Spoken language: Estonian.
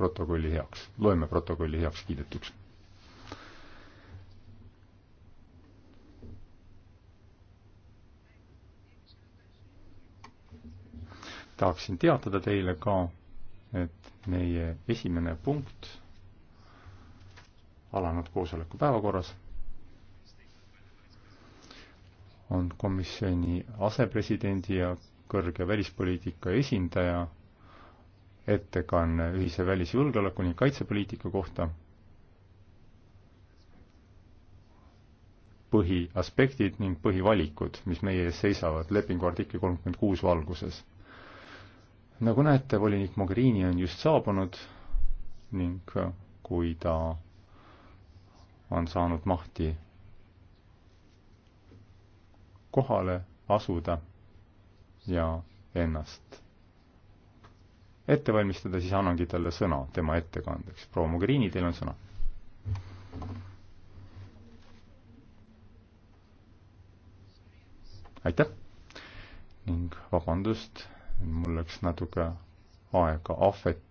protokolli heaks, loeme protokolli heaks kiidetuks. tahaksin teatada teile ka, et meie esimene punkt alanud koosoleku päevakorras on komisjoni asepresidendi ja kõrge välispoliitika esindaja ettekanne ühise välisjulgeoleku ning kaitsepoliitika kohta. põhiaspektid ning põhivalikud, mis meie ees seisavad lepingu artikli kolmkümmend kuus valguses. nagu näete, volinik Mogherini on just saabunud ning kui ta on saanud mahti kohale asuda ja ennast ette valmistada, siis annangi talle sõna tema ettekandeks. proua Mogherini, teil on sõna. aitäh ning vabandust, mul läks natuke aega ahvet